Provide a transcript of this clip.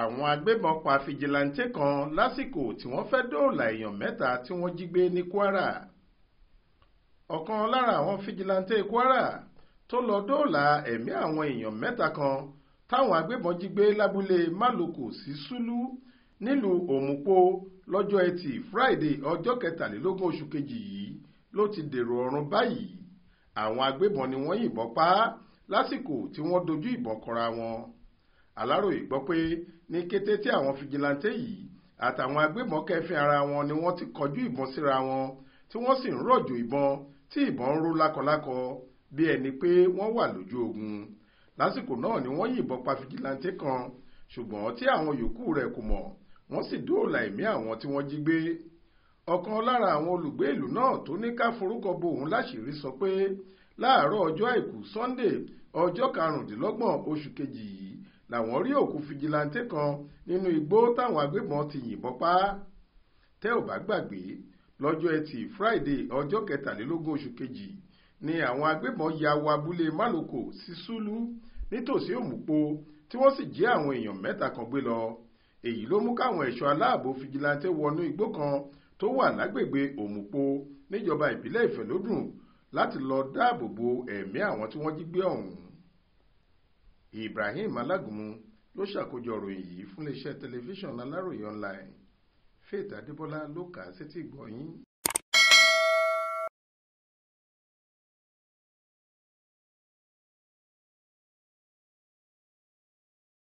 àwọn agbébọn pa fìjìláńtẹ́ kan lásìkò tí wọ́n fẹ́ dóòlà èèyàn mẹ́ta tí wọ́n jí gbé ní Kwara ọ̀kan lára àwọn fìjìláńtẹ́ Kwara tó lọ dóòlà ẹ̀mí àwọn èèyàn mẹ́ta kan táwọn agbébọn jí gbé lábúlé Málòkò sí Súlú nílùú Òmùpó lọ́jọ́ Ẹtì Friday ọjọ́ kẹtàlélógún oṣù kejì yìí ló ti dèrò ọ̀run báyìí àwọn agbébọn ni wọ́n yìnbọn pa á lásìkò tí wọ́n dojú ìbọn kọra wọn aláròye gbọ́ pé ní kété tí àwọn fìjìláńtẹ yìí àtàwọn agbébọn kẹfìn ara wọn ni wọ́n ti kọjú ìbọn síra wọn tí wọ́n sì ń rọ̀jò ìbọn tí ìbọn ń rú lákọlákọ bí ẹni pé wọ́n wà lójú ogun lásìkò náà ni wọ́n yìnbọn pa fìjìláńtẹ kan ṣùgbọ́n tí àwọn yòókù rẹ̀ kò mọ̀ wọ́n sì dóòlà ẹ̀mí àwọn tí wọ́n jí gbé ọ̀kan lára àwọn olùgbé ìlú náà tó ní ká forúkọ bo òun láṣìírí sọ pé láàárọ̀ ọjọ́ àìkú Sunday ọjọ́ karùndínlọ́gbọ̀n oṣù kejì yìí làwọn rí òkú fìjìláńtẹ kan nínú igbó táwọn agbébọn ti yìnbọn pa á tẹ́ ò bá gbàgbé lọ́jọ́ ẹtì friday ọjọ́ kẹtàlélógún oṣù kejì ni àwọn agbébọn ya wọ abúlé maloko sí sulu nítòsí òmùpo tí wọ́n sì jí àwọn èèyàn mẹ́ta kan gbé lọ èyí ló mú káwọn ẹ̀ṣọ́ aláàbò fìjìláńtẹ wọnú igbó kan tó wà lágbègbè òmùpo níjọba ìbílẹ̀ ìfẹ́lódùn láti lọ dáàbò bo ẹ̀mí àwọn tí wọ́n jí gbé ọ̀hún Ibrahim Alágúnmu ló ṣàkójọ ròyìn yìí fún iléeṣẹ́ tẹlifíṣàn Aláròye online Faith Adébọlá ló kà á sétígbọ̀ọ́ yín